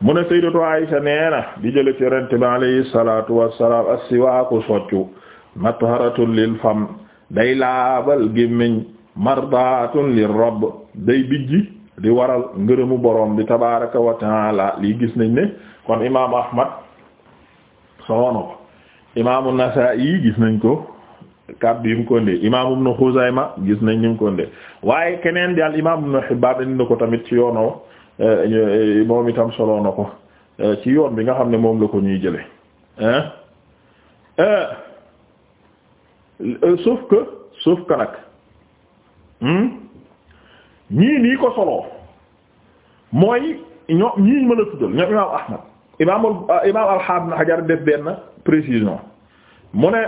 mu ne sayyidatu Aisha nee na di jële ci yonent bi alayhi salaatu wassalaam as-siwaaku soccu matharatun lil fam day laabal gémmiñ mardaatun lir rabb day bijji di waral ngërëmu borom bi tabaaraka wa taala lii gis nañ ne kon imaamu Ahmad soloona ko imaamu Nasaa'i gis nañ ko kàddu yi ko indee imaamu Ibnu Xuzayma gis nañ ni mu ko indee waaye keneen di al imaamu Ibnu Hibbaan indi ko tamit ci yoonoo Eh, eh, moom itam solo na ko eh, ci yoon bi nga xam ne moom la ko ñuy jële sauf que sauf ka nag hmm, ñii nii ko soloo mooy ño ñii mën a tuddal ñoom imaam Ahmad imaam ah, imaam al-Hafiz Ibn Hajar def benn précision mu ne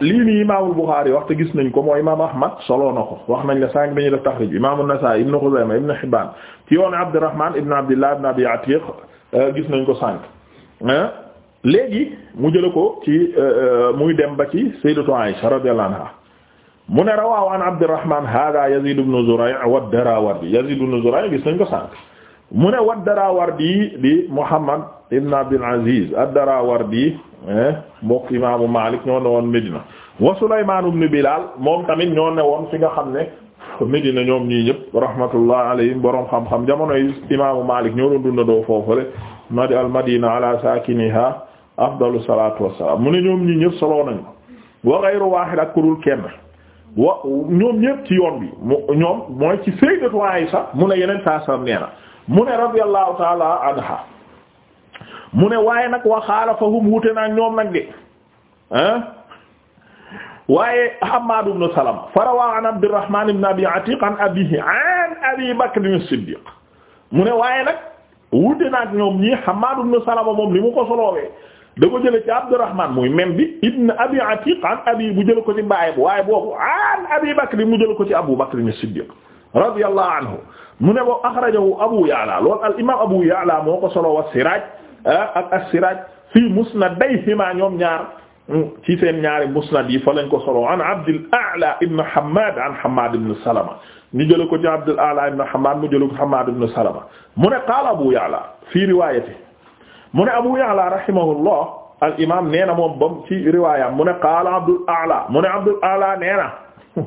lii nii imaamul Buxaari wax te gis nañ ko mooy imaam Ahmad solo na wax nañ la sànq dañuy def taxrij imaam An-Nasaa'i ibn Xuzayma ibn Hibbaan ci yoon Abdurrahmaan ibn Abdillah ibn Abi euh, gis nañ ko sànq léegi mu jële ko ci euh, muy dem ba ci Sayyidatu Aïsha radiyallahu anha mu ne rawaahu an Abdurrahmaan haadaa Yaziid ibn Zuray' wad-Daraawardi Yaziid gis nañ ko sànq mu ne wad bi di Muhammad ibn Abdul Aziz ad-Daraawardi mbokk imaamu Malik ñoo ne woon Medina wa Sulaymaan ibn Bilaal moom tamit ñoo ne woon fi nga xam ne Medina ñoom ñii ñëpp rahmatullah alayhim borom xam-xam jamonoy imaamu Malik ñoo doon dundandoo foofule madi al madina ala saakiniha afdalu salaatu wassalaam mu ne ñoom ñii ñëpp soloo nañu wa ghayru waahid ak kurul kenn wa ñoom ñëpp ci yoon bi mu ñoom mooy ci Sayyidatu Aysa mu ne yeneen saa salaam nee na mu ne radiyallahu ta'ala anha mu ne waaye nag wa xaalafahum wute naa ñoom nag de ah waaye Hammad ibn Salama farawa an Abdurrahman ibn Abi Atiq an abihi an Abi Bakr as-Siddiq mu ne waaye nag wute naa ñoom ñii Hammad ibn Salama moom li mu ko soloobee da ko jële ci Abdurrahman muy même bi ibn Abi Atiq an abi bu jële ko ci baay bu waaye boobu an Abi Bakr mu jële ko ci Abu Bakr as-Siddiq radiyallahu anhu mu ne boobu akhrajahu Abu Ya'la lool al imam Abu Ya'la moo ko solo wa Siraj Ah, ak as-Siraj fii musnadayhima ñoom ñaar mm, ci seen ñaari musnad yi fa lañ ko solo an Abdul A'la ibn Hammad an Hammad ibn Salama ñu jële ko ci Abdul A'la ibn Hammad mu jële ko Hammad ibn Salama mu ne qaala Abu Ya'la fii riwaayati mu ne Abu Ya'la rahimahullah al imaam nee na moom bam ci riwaayam mu ne qaala Abdul A'la mu ne Abdul A'la nee na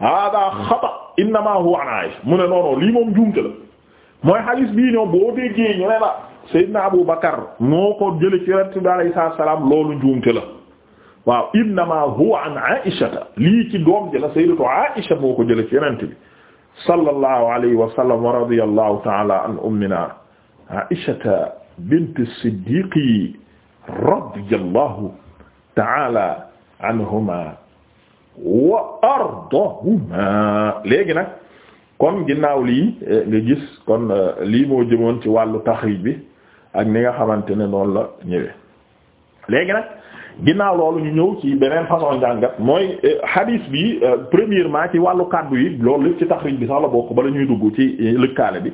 hada xata innamaa huwa an Aisha mu ne noonu lii moom juumte la mooy hadiis bii ñoom boo déggee ñu ne la Seydina Abu Bakar moo ko jële ci Yonent bi alayhi salaam loolu njuumte la waaw innama huwa an Aïshata lii ci doom ji la Sayyidatu Aïsha moo ko jële ci Yonent bi sallallahu alayhi wa sallam wa radiyallahu ta'ala an ummina Aïshata bint as-Siddiq radiyallahu ta'ala anhuma wa ardahuma léegi nag kon ginnaaw lii eh, nga gis kon eh, lii moo jëmoon ci wàllu taxrij bi ak ni nga xamante ne noonu la ñëwee léegi nag ginnaaw loolu ñu ñëw ci beneen façon jàngat mooy eh, hadith bi eh, premièrement ci wàllu kàddu yi loolu lépp ci taxriij bi sax la bokk bala ñuy dugg ci eh, lëkkaale bi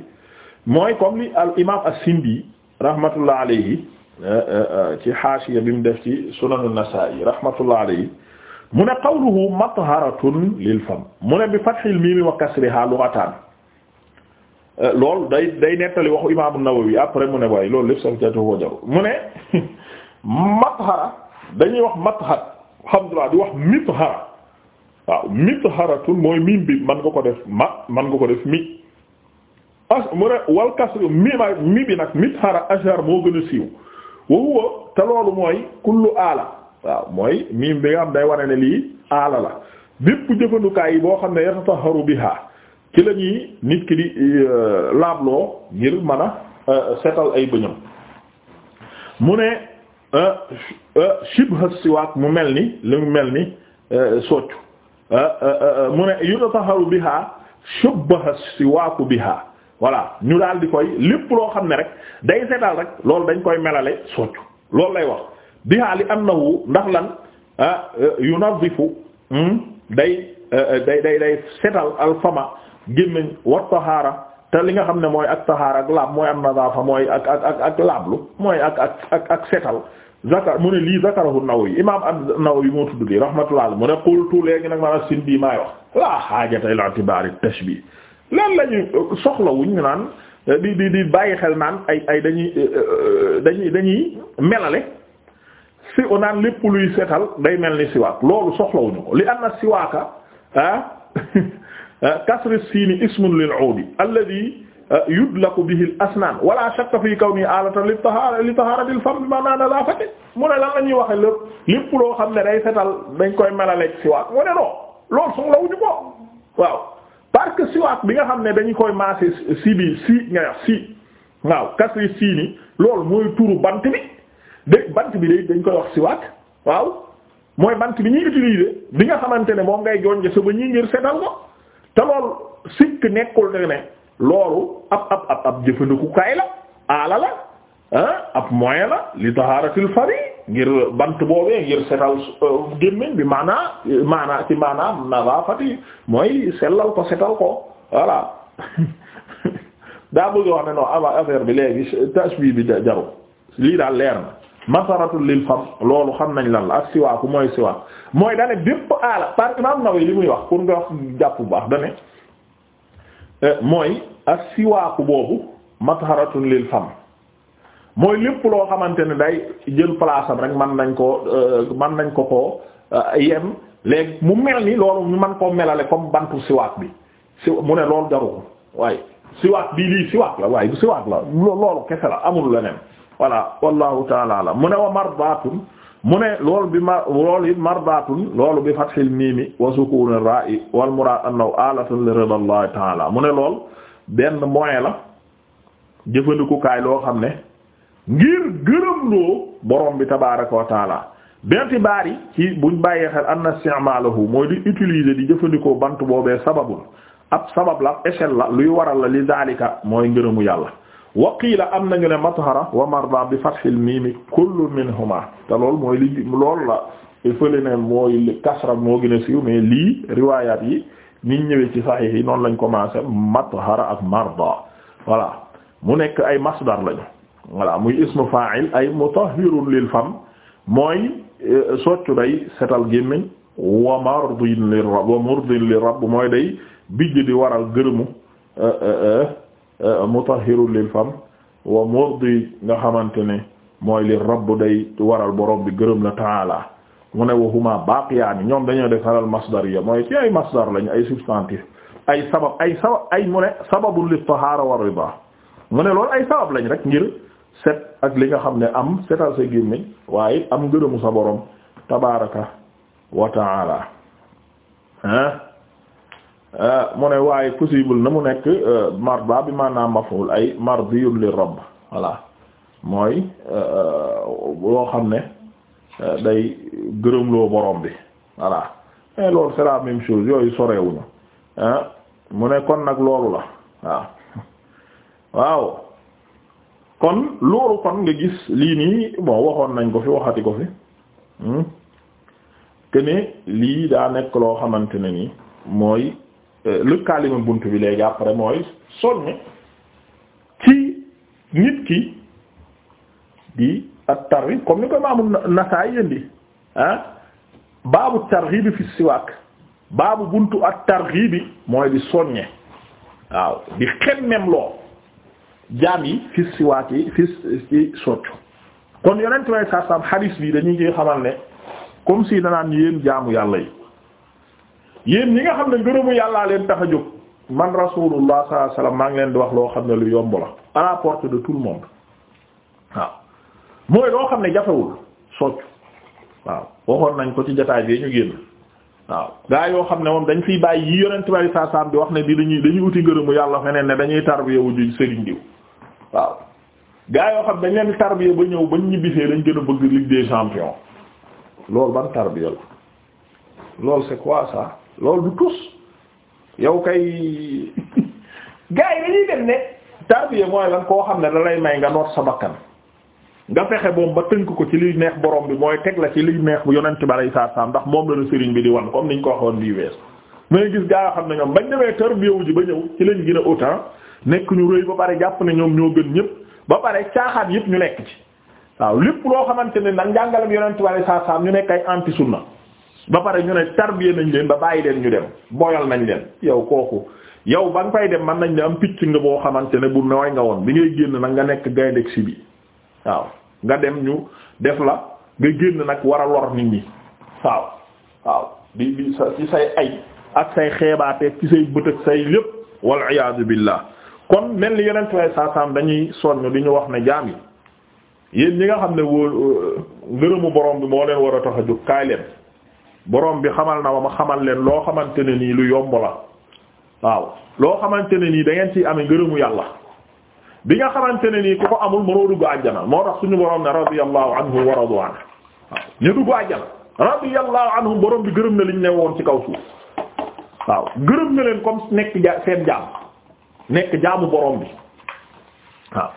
mooy comme li al imaam as-Sindi rahmatullah alayhi ci haashiya bi mu def ci sunan an-Nasa'i rahmatullah alayhi mu ne qawluhu matharatun lil fam mu ne bi fathil miim wa kasriha lughatan Euh, loolu day day nettali waxu imaamu Nawawi après mu ne waaye loolu lépp sax jaatu ko jaru mu ne mathara dañuy wax mathar alhamdulillah di wax mithara waaw mitharatun mooy miim bi man nga ko def ma man nga ko def mi as mu ne wal kasr mi ma mi bi nag mithara ashar moo gën a siiw wa huwa te loolu mooy kullu aala waaw mooy miim bi am day wane ne lii aala la bépp jëfandukaay yi boo xam ne yatataharu biha ci la ñuy nit ki di euh, laabloo ngir mën a euh, setal ay bëñam mu ne euh, shibha siwaak mu mel ni lu mel ni soccu mu ne yutataharu biha shubbaha siwaaku biha voilà ñu daal di koy lépp loo xam ne rek day setal rek loolu dañ koy melale soccu loolu lay wax biha li annahu ndax lan ah, yunadifu hmm, day day day day setal alfama gémmiñ wat tahaara te li nga xam ne mooy ak tahaara ak laab mooy am nadaafa mooy ak ak ak ak laablu mooy ak ak ak setal zakar mu ne lii zakarahu Nawawi imaam an-Nawawi moo tudd lii rahmatullah mu ne qultu léegi nag man a sin bii maay wax laa xaajata ila i'tibaar at-tashbiih lan la ñu soxlawuñ ñu naan di di di bàyyi xel naan ay ay dañuy euh, euh, dañuy dañuy melale si naan lépp luy setal day mel ni siwaak loolu soxlawuñu ko li am siwaaka ah Ah, kasri siini ismun lil uudi alladhi ah, yudlaku bihi al asnaan wala shakka fi kawni alatan li tahaara li tahaaratil fam maanaam nazaafati mu ne la ñuy waxe lépp lépp loo xam ne day setal dañ koy melaleeg siwaak mu ne non loolu soxla wuñu ko waaw parce siwaak bi nga xam ne dañu koy maase si bi si nga wax si waaw kasri siini loolu mooy turu bant bi de bant bi day dañ koy wax siwaak waaw mooy bant bi ñuy utiliser bi nga xamante ne moom ngay jonje sa ba te loolu sikk nekkul ne ne loolu ab ab ab ab jëfandikukaay la aala la ah ab moyen la li taharatil fari ngir bant boobee ngir setal euh, gémmiñ bi maanaa maanaa ci maanaa nadaafati mooy sellal ko setal ko voilà daa bëgg wax ne non avant affaire bi léegi tashbi bi jaru lii daal leer na masaratul lil fam loolu xam nañ lan la ak siwaaku mooy siwaak mooy dane bépp aala par imam Nawawi li muy wax pour nga wax jàpp bu baax dane eh, mooy ak siwaaku boobu masaratul lil fam mooy lépp loo xamante ne day jël place rek mën nañ ko eh, mën nañ ko ko eh, yem léegi mu mel ni loolu ñu mën koo melale comme bantu siwaak bi si mu ne loolu jaru ko waaye siwaak bii lii siwaak la waaye bu siwaak la loolu kese la amul leneen voilà wallahu taala alam mu ne wa mardatun mu ne loolu bi ma loolu it mardatun loolu bi fathil mimi wa sukun ra'i wal murad annahu alatun li allah taala mu ne lool benn moyen la jëfandikukaay loo xam ne ngir gërëm loo borom bi tabaraka wa taala benti baari ci buñ bàyyee xel anna isti'malahu mooy di utiliser di jëfandikoo bant boobee sababul ab sabab la ab échelle la luy waral la li zalika mooy ngërëmu yàlla wa qiila am nañu ne mathara wa marda bi fathil miimi kullu minhuma te loolu mooy li lool la i ne mooy kasra moo gën a siiw mais lii riwaayaat yi niñ ñëwee ci saxiix yi noonu lañ commencé mathara ak marda voilà mu nekk ay masdar lañu voilà muy ismu fa'il ay mutahhirun lil fam mooy euh, soccu day setal gémmiñ wa mardin li rabb wa murdin li rabb mooy day bijj di waral gërëmu euh, euh, Euh, mutahhirun lil fam wa murdi nga xamante ne mooy li rabb day waral borom bi gërëm la taala mu ne waxuma baaqiyaani ñoom dañoo def alal masdariya mooy ci ay masdar lañu ay substantif ay sabab ay sabab ay mu ne sababu li tahaara wa rida mu ne loolu ay sabab lañ rek ngir set ak li nga xam ne am setal sa gémmiñ waaye am gërëmu sa borom tabaraka wa taala Euh, mu ne waaye possible na mu nekk euh, marda bi maanaam maf'ul ay mardiyun li rabb voilà mooy euh, loo xam ne day gërëmloo borom bi voilà mais loolu c'est la même chose yooyu sorewuñu ah, mu ne kon nag loolu la waaw waaw kon loolu kon nga gis lii nii bon waxoon nañ ko fi waxati ko fi hmm? que lii daa nekk loo xamante ne nii mooy Euh, lëkkalima bunt bi léegi après mooy sonn ci nit ki di ak targhib comme ni ko maamu Nasaay yëndi ah baabu targhib fi siwaak baabu buntu ak targhib bi mooy di soññe waaw di xemmem loo jaam yi fi siwaak yi fi ci soccu kon yonent way saasam xadiis bi comme si danaan yéen jaamu yàlla yi yéen ñi nga xam ne ngërëmu yàllaa leen tax a jóg man rasulullah sallallahu alayhi wasallam maa ngi leen di wax loo xam ne lu yomb la à la porte de tout le monde waaw mooy loo xam ne jafewul soccu waaw waxoon nañ ko ci jotaay bi ñu génn waaw gaa yoo xam ne moom dañ fiy bàyyi yi yonent bari saa saam bi wax ne di dañuy dañuy uti ngërëmu yàlla feneen ne dañuy tarbiya wu ju sëriñ diw waaw gaa yoo xam dañ leen tarbiya ba ñëw bañ ñibbisee dañ gën a bëgg ligue des champions loolu ban tarbiya la loolu c'est quoi ça loolu du yow kay gars yi dañuy dem ne tarbiya mooy lan koo xam ne da lay may nga noot sa bakkan nga fexe boom ba tënk ko ci liy neex borom bi mooy teg la ci liy neex bu yonent bi alay saa saam ndax moom la la sëriñ bi di wan comme niñ ko waxoon bii wees mais gis gaa yoo xam ne ñoom bañ demee tarbiya wu ji ba ñëw ci lañ gën a autant nekk ñu rëy ba pare jàpp ne ñoom ñoo gën ñëpp ba pare caaxaan yëpp ñu nekk ci waaw lépp loo xamante ne nag njàngalem yonent bi alay saa saam ñu nekk ay anti sunna ba pare ñu ne tarbiya nañ leen ba bàyyi leen ñu dem boyal nañ leen yow kooku yow ba nga fay dem man nañ ne am picc nga boo xamante ne bu way nga woon bi ngay génn nag nga nekk gaynde si bi dem ñu def la nga génn nag war a lor nit ñi waaw waaw di di sa ci say ay ak say xeebaatee ci say bët say lépp wal iyaadu billah kon mel ni yeneen way saasaam dañuy sonn di ñu wax ne jaam yi yéen ñi nga xam ne woo ngërëmu borom bi moo leen war a tax a jóg kaay leen borom bi xamal na ma ma xamal leen loo xamante ne nii lu yomb la waaw loo xamante ne nii da ngeen ciy amee ngërëmu yàlla bi nga xamante ne nii ku ko amul mënoo dugg àjjana moo tax suñu borom ne radiyallahu anhu wa radu waaw ñu dugg àjjana radiyallahu anhu borom bi gërëm na liñ ne woon ci kaw suuf waaw gërëm na leen comme nekk ja seen jaam nekk jaamu borom bi waaw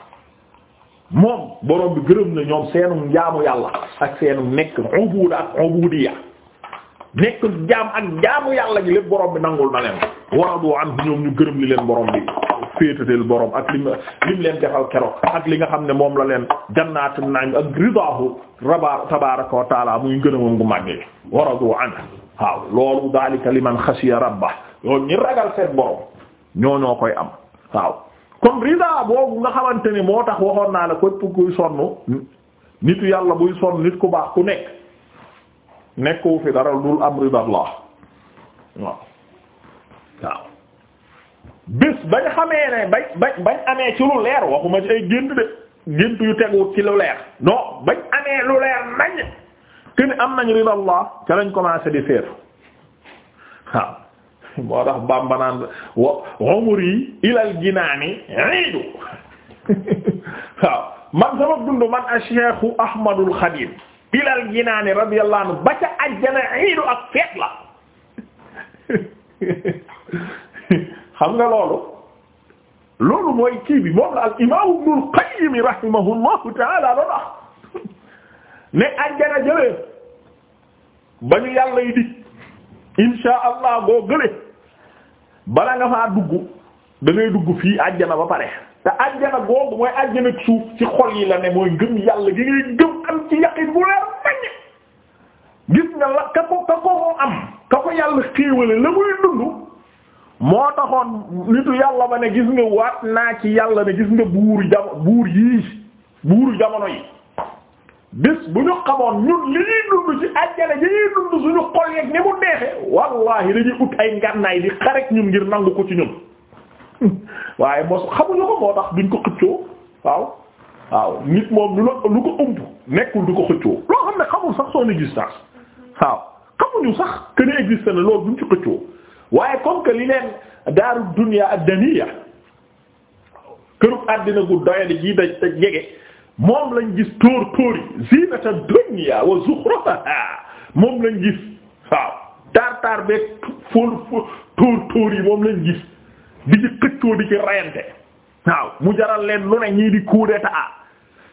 moom borom bi gërëm na ñoom seenu jaamu yàlla ak seenu nekk ubuda ak ubudiya nekk jaam ak jaamu yàlla gi lépp borom bi nangul na leen waradu am ñoom ñu gërëm li leen borom bi féetateel borom ak lim lim leen defal keroog ak li nga xam ne moom la leen jannaatu nañ ak ridaahu raba tabaaraka wa taala muy gërëmam gu màggee waradu an waaw loolu daalika liman xasiya rabba loolu ñi ragal seen borom ñoo ñoo koy am waaw kon ridaa boobu nga xamante moo tax waxoon naa la képp kuy sonn nitu yàlla buy sonn nit ku baax ku nekk. nekku fi dara dul am ridallah waaw waaw bés bañ xamee ne bañ bañ bañ amee ci lu leer waxuma ci ay gént de gént yu teguwut ci lu leer non bañ amee lu leer nañ que am nañ ridallah ca lañ commencé di feetu waaw moo tax bambanaan wa umri ilal jinaani waaw man sama dund man a Cheikhu Ahmadul Xadim ilal jinaani radiyallahu anhu ba ca ajjana iidu ak feet la xam nga loolu loolu mooy kii bi moom la al imaam Ibnul Qayyim rahimahullahu ta'ala loolu ne ajjana jëlee ba ñu yàlla yi di insha allah goo gële bala nga faa dugg da ngay dugg fii ajjana ba pare te àjjana googu mooy àjjana suuf ci xol yi la ne mooy gëm yàlla gi ngay gëm am ci yaqin bu leer naññ gis nga la ka ko ka ko am ka ko yàlla xéewale la muy dund moo taxoon nitu yàlla ba ne gis nga waat naa ci yàlla ne gis nga buur jamo buur yii buuru jamono yi bis bu ñu xamoon ñun li ñuy dund ci àjjana li ñuy dund suñu xol yeeg ni mu neexe wallahi dañuy ut ay ngànnaay di xarek ñun ngir nangu ko ci ñun waaye mos xamuñu ko moo tax duñ ko xëccoo waaw waaw nit moom lu la lu ko ëmb nekkul du ko xëccoo loo xam ne xamul sax son existence waaw xamuñu sax que ne existe na loolu duñ ci xëccoo waaye comme li leen daaru dunya ad-daniya këru àddina gu doyadi ji da da jege moom lañ gis tóor tóor yi zinata moom lañ gis waaw taar taar beeg fóol fóol tóor yi moom lañ gis. di ci xëccoo di ci rayante waaw mu jaral leen lu ne ñii di coup d'état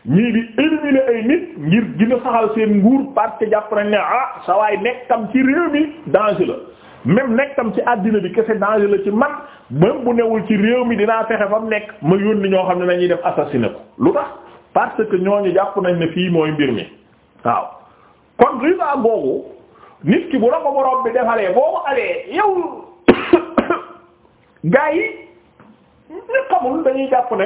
ñii di éliminer ay nit ngir gën a saxal seen nguur parce que jàpp nañ ne ah sa waay nekkam ci réew mi danger la même nekkam ci àddina bi kese danger la ci man même bu newul ci réew mi dinaa fexe fa mu nekk ma yónni ñoo xam ne nañuy def assassiner ko lu tax parce que ñoo ñooñu jàpp nañ ne fii mooy mbir mi waaw kon riba googu nit ki bu la ko bi defalee boo ko alee yow gaa yi ñu xamul dañuy jàpp ne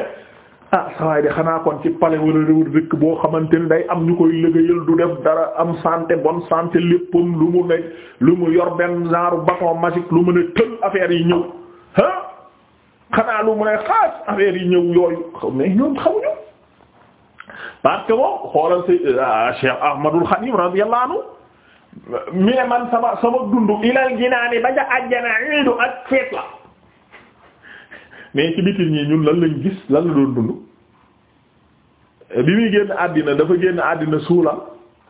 ah sawaay de xanaa kon ci pale wala réwul dëkk boo xamante ni day am ñu koy liggéeyal du def dara am santé bonne santé léppam lu mu nekk lu mu yor benn genre bâton magique lu mu ne tël affaire yi ñëw ah xanaa lu mu ne xaas affaire yi ñëw yooyu xaw mais ñoom xamuñu parce que xoolal si ah, Cheikh Ahmadul Khadim radiyallahu anhu mi man sama sama dund ilal jinaani ba ja ajjana iidu ak feet la mais ci bitin ñi ñun lan lañ gis lan la doon dund bi muy génn àddina dafa génn àddina suulam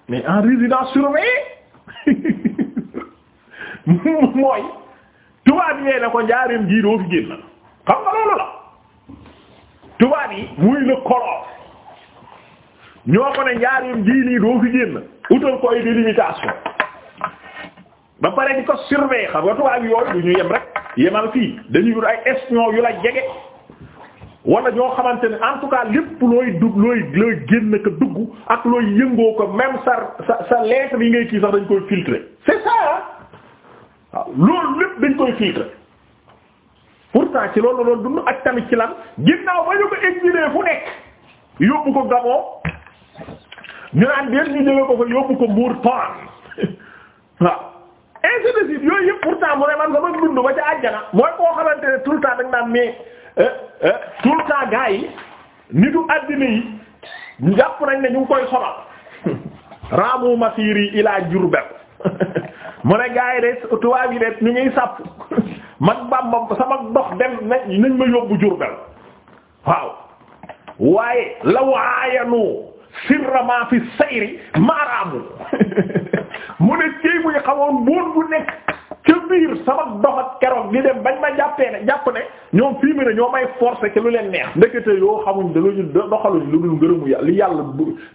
mais en résidence surveillée mooy tubaab yee na ko njaareem jii doo fi génn xam nga la tubaab yi muy le color ñoo ko ne njaareem jii nii doo fi génn utal ko ay délimitation ba pare di ko surveiller xam nga tubaab yooyu du ñu yem rek yemal fii dañuy wut ay espion yu la jege wala ñoo xamante ne en tout cas lépp looy dugg looy génn ko dugg ak looy yëngoo ko même sa sa sa yi ngay tii sax dañ koy filtrer c'est ça waaw loolu lépp dañ koy filtrer pourtant ci loolu la doon dund ak tamit ci lan ginnaaw ba ñu ko exilé fu nekk yóbbu ko Gabon ñu naan déet ñu jëlee ko fa yóbbu ko Mauritanie waaw. ainsi de suite yooyu yëpp pourtant mu ne man sama dund ba ca àjjana mooy koo xamante ne tout le temps dañ naan mais euh, euh, tout le temps gars yi àddina yi ñu jàpp nañ ne ñu ngi koy sobal raamu masiri ila Jurbel mu ne gars yi de tubaab yi de ñu ngiy sàpp man Bamba sama dox dem nañ ma yóbbu Jurbel waaw waaye law aayanu sirra ma fi sayri maaraamu mu ne céy muy xamoon boon bu nekk ca biir sama dox ak keroog di dem bañ ma jàppee ne jàpp ne ñoom fii mu ne ñoo may forcer ci lu leen neex ndekete yoo xamuñ da ñu doxaluñ lu dul ngërëmu yàlla li yàlla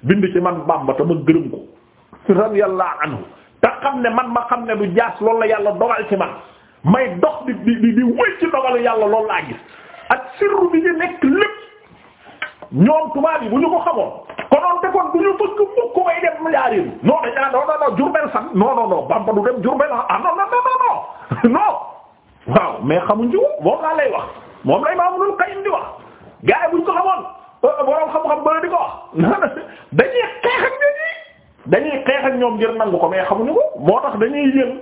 bind ci man Bàmba te ma gërëm ko radiyallahu anhu te xam ne man ma xam ne du jaas lool la yàlla dogal ci man may dox di di di wëy ci dogalu yàlla loolu laa gis ak sirru bi di nekk lépp ñoom tubaab bu ñu ko xamoon konoon te kon du ñu fëkk mukk may dem njaarim non dañ naan non sax ah non non non waaw mais xamuñ ci moom laa wax moom lay Imaamul Qayyim di wax gars yi bu ñu ko xamoon euh, borom xam-xam bële ko wax dañuy xeex ak ñoom dañuy xeex ak ñoom ngir nangu ko mais xamuñu ko moo tax dañuy jël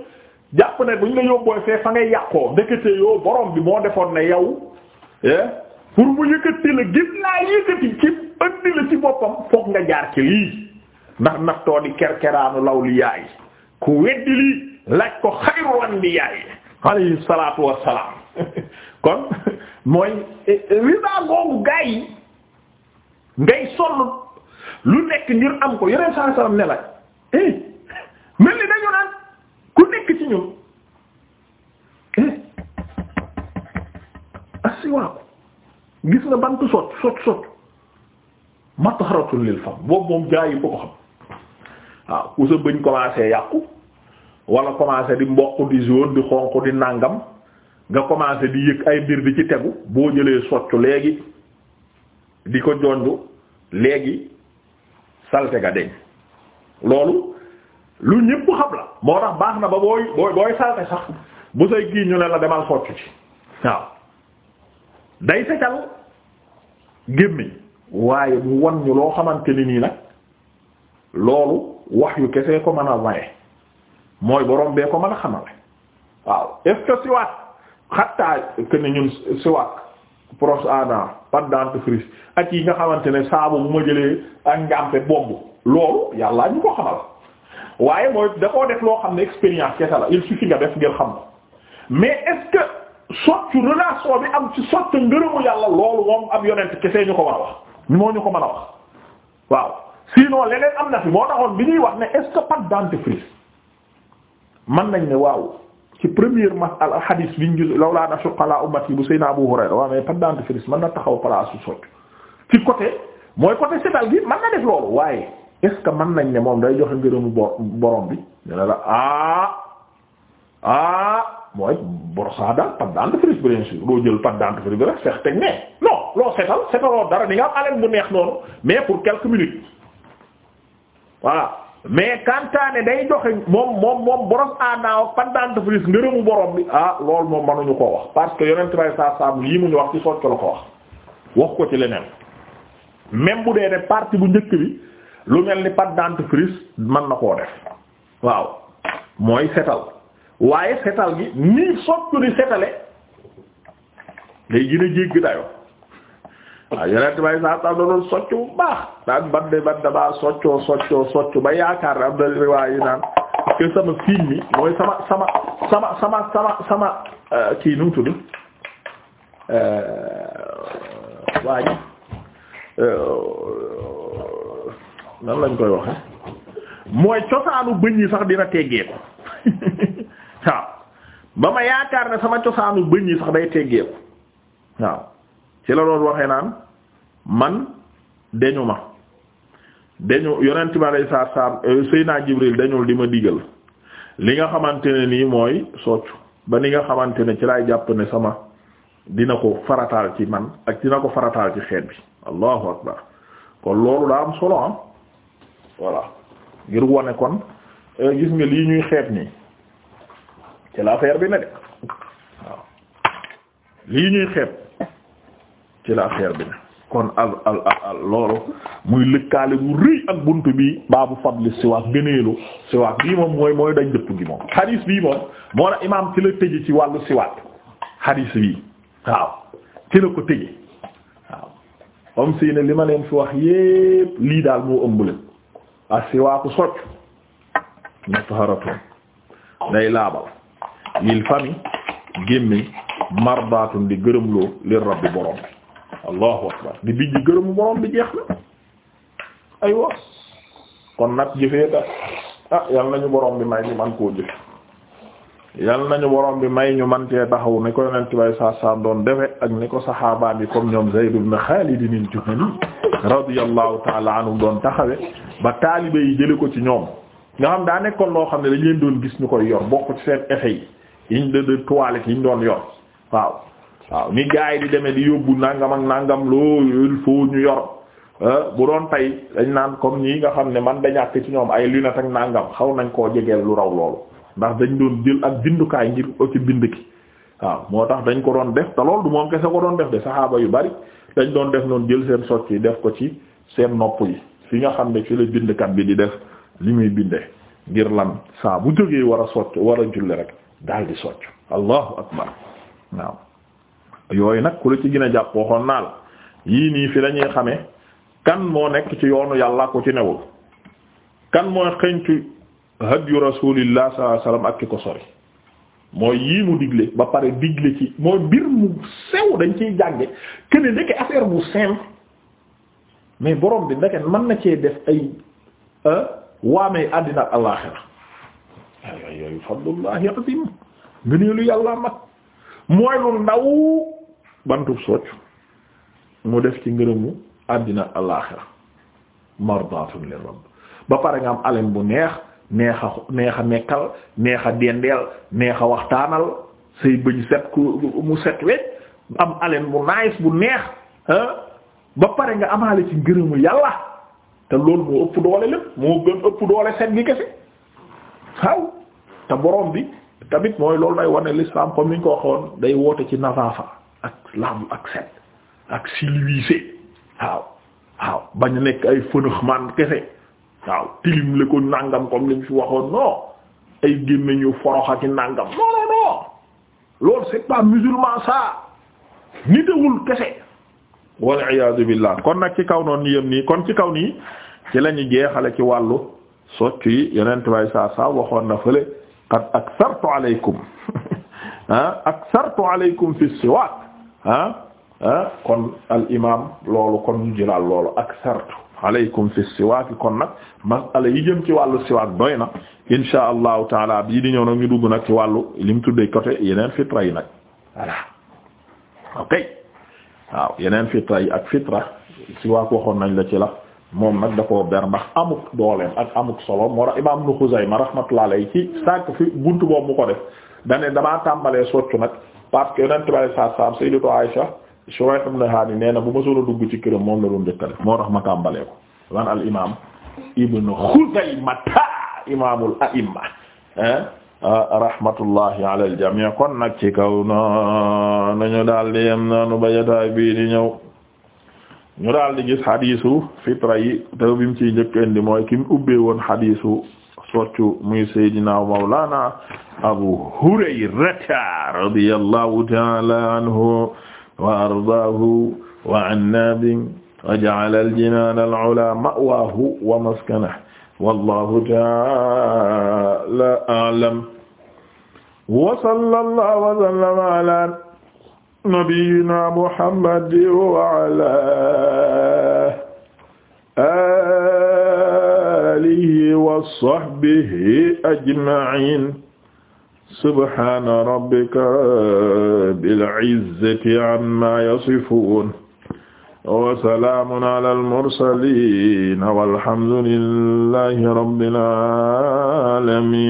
jàpp ne buñ la yóbboo fee fa ngay yàqoo ndekete yoo boroom bi moo defoon ne yow. Eh, pour mu yëkkati la gis naa yëkkati ci andi la ci boppam foog nga jaar ci lii ndax naftoo di kerkeraanu law li yaay ku weddi lii laaj ko xayru wan li yaay alayhi salaatu wassalaam kon mooy e, e, riba googu gaa yi ngay sonn lu nekk ngir am ko yeneen saa salaam ne la eh, mel ni dañu naan ku nekk ci ñun eh gis nga bant sot sot sot mataratun lil fam boobu moom gaa yi ko xam waaw ku sa bëñ commencé yàqu wala commencé di mboq di jaune di xonq di nàngam nga commencé di yëg ay mbir di ci tegu boo jëlee soccu léegi di ko jonju léegi salte ga deñ loolu lu ñépp xam la moo tax baax na ba booy booy booy salte sax bu say kii ñu ne la demal soccu ci waaw day setal gémmiñ waaye bu wan ñu loo xamante ni nii nag loolu wax yu kesee ko mën a maye mooy boroom bee ko mën a xamale waaw est-ce que siwaat xattaa que ne ñun siwaat brosse à dents pâte dentifrice ak yi nga xamante ne saabu bu ma jëlee ak njàmpe bomb loolu yàllaa ñu ko xamal waaye mooy da koo def loo xam ne expérience kese la il suffit nga def ngir xam ko mais est soccu relation bi am ci soccu ngërëmu yàlla loolu moom ab yonent kese ñu ko war a wax moo ñu ko mën a wax waaw sinon leneen am na fi moo taxoon bi ñuy wax ne est-ce que pâte dentifrice nañ ne waaw ci première masala hadith bi ñu gis lawlaa ashqa ala ummati bu Seydina Abu Hurayra waaw mais pâte dentifrice mën na taxaw place su soccu ci côté mooy côté setal gi mën na def loolu waaye est-ce nañ ne moom day joxe ngërëmu borom bi ñu ne la ah, ah, mooy brossada pâte dentifrice bi bien sûr doo jël pâte dentifrice bi rek fex teg ne non loo setal setaloo dara di nga am haleine bu neex noonu mais pour quelques minutes voilà mais kantaane day joxe moom moom moom boros aadaaw pâte dentifrice ngërëmu borom bi ah loolu moom mënuñu koo wax parce que yonent bay saa saam lii mu ñu wax ci socc la ko wax wax ko ci leneen même bu dee ne partie bu njëkk bi lu mel ni pâte dentifrice man na ko def waaye setal gi nii sottu di setale day gën a jégg dayo waaw yeneen bay saa saa doon soccu bu baax daan badde badde baa soccoo soccoo soccu ba yaakaar ne am na riwaay naan que sama fiim mi mooy sama sama sama sama sama sama euh, kii nu mu tudd euh, euh, lañ koy waxe mooy cosaanu bëñ yi sax dina teggeeku ba ma yaakaar ne sama cosaanu bëñ yi sax day teggeeku waaw ci la doon waxee naan man deñu ma dañu yonent lay alay saa saa euh, Seyna Jibril dañul di ma digal li nga xamante ne nii mooy soccu ba ni nga xamante ne ci laay jàpp ne sama dina ko farataal ci man ak dina ko farataal ci xeet bi allahu akbar kon loolu daa am solo am ah. voilà ngir wone kon euh, gis nga lii ñuy xeet nii ci la affaire bi ne de waaw lii ñuy xeeb ci la affaire bi ne kon al al al loolu muy lëkkaale bu rëy ak bunt bi baabu fadli siwaak gëneelu siwaak bii moom mooy mooy dañ dëpp gi moom xadiis bii moom moo na imaam ci la tëj ci wàllu siwaak xadiis bii waaw ci la ko tëje waaw lii daal moo ëmb leen ak siwaaku socc mutaharatun day laabal lil fami gémmiñ mardatun di gërëmloo lil rabbi borom bi allahu akbar di bij ji gërëmu borom bi jeex na aywa kon nag jëfee tax ah yal nañu borom bi may ñu man koo jëf yal nañu borom bi may ñu man cee taxaw ni ko yonent bay saa saa doon defe ak ni ko saxaabaan yi comme ñoom Zayd ibn Khalid al-Juhani radiyallahu ta'ala anhum doon taxawe ba taalibe yi jële ko ci ñoom nga xam daa nekkoon loo xam ne dañ leen doon gis ñu ko yor bokk ci seen effet yi yiñ de de toilette yiñ doon yor waaw waaw ni gars yi di deme di yóbbu nangam ak nangam loo il ñu yor eh, bu doon tey dañ naan comme ñii nga xam ne man da ñàkk ci ñoom ay lunette ak nangam xaw nañ koo jegeel lu raw loolu ndax dañ doon jël ak bindukaay ngir ci bind ki waaw moo tax dañ ko doon def te loolu du moom kese ko doon def de saxaaba yu bari dañ doon def noonu jël seen socc yi def ko ci seen nopp yi fi nga xam ne fi la bindkat bi di def li muy binde ngir lan saa bu jógee war a socc war rek daal di socc allahu akbar waaw yooyu nag ku la ci gën a jàpp waxoon naa la yii nii fi lañuy xame kan moo nekk ci yoonu yàlla ko ci newul kan mooy xëñtu hadyu rasulillah sallallahu alayhi wasallam ak ki ko sori mooy yii mu digle ba pare digle ci mooy mbir mu sew dañ ciy jànge këne ndeke affaire bu simple mais borom bi ndeke mën na cee def ay euh, waamee àddina ak àllaaxira ay yooyu fadlullahi azim ngëneelu yàlla mag mooy lu ndaw bantub socc mu def ci ngërëmu àddina alaaxira mardaatun li rabb ba pare nga am alem bu neex neex a neex a nekkal neex a dendeel neex a waxtaanal say bëj set ku mu set wecc am alem bu nice bu neex ba pare nga amaale ci ngërëmu yàlla te loolu moo ëpp doole lépp moo gën ëpp doole set gi kese waaw te boroom bi tamit mooy loolu day wane l'islam comme ni ko waxoon day woote ci nafafa ak lam ak set ak civilisé waaw waaw bañ nekk ay fënëx man kese waaw tilim le ko nàngam comme liñ fi waxoon non ay gémmiñu forox ak i nàngam non non non loolu c'est pas musulman ça nitewul kese wal iyaadu billah kon nag ci kaw noonu ni yëm nii kon ci kaw nii ci lañu jeexale ci wàllu socc yi yeneen tubaay saa saa waxoon na fële qad aksartu alaykum ah aksartu alaykum fi siwaak ah ah kon al imaam loolu kon ñu jëlaat loolu aksartu alaykum fi siwaak kon nag masala yi jëm ci wàllu siwaak doy na insha allahu taala bii di ñëw nag ñu dugg nag ci wàllu li mu tuddee côté yeneen fitra yi nag voilà ok waaw yeneen fitra yi ak fitra siwaak waxoon nañ la ci la. moom nag da koo ber ndax amuk dooleem ak amuk solo moo tax imaam Ibnu Xuzayma rahmatullahi alayhi ci sànq fi buntu boobu mu ko def dane damaa tàmbalee soccu nag parce que yonent bale saa saam Sayyidatu Aisha Shuwayh ibn Hani nee na bu ma soon dugg ci këram moom la doon njëkk a def moo tax ma tàmbalee ko wan al imaam Ibnu Xuzayma taa imaamul a'imma rahmatullahi ala al jami' kon nag ci kaw na nañu daal di yem naanu ba jotaay bii di ñëw ñu daal di gis xadiisu fitra yi taw bi mu ciy njëkk indi mooy ki mu ubbee woon xadiisu soccu muy Seydina Mawlana Abu Hurayrata radiyallahu ta'ala anhu wa ardaahu wa anna bihi wa ja'ala al-jinaan al-'ulaa ma'waahu wa maskanahu wallahu ta'ala a'lam wa sallallahu wa sallama ala nabiyyina Muhammad wa ala alihi wa sahbihi ajma'in subhana rabbika bil izzati amma yasifun wa salamun ala al mursalin walhamdulillahi rabbil alamin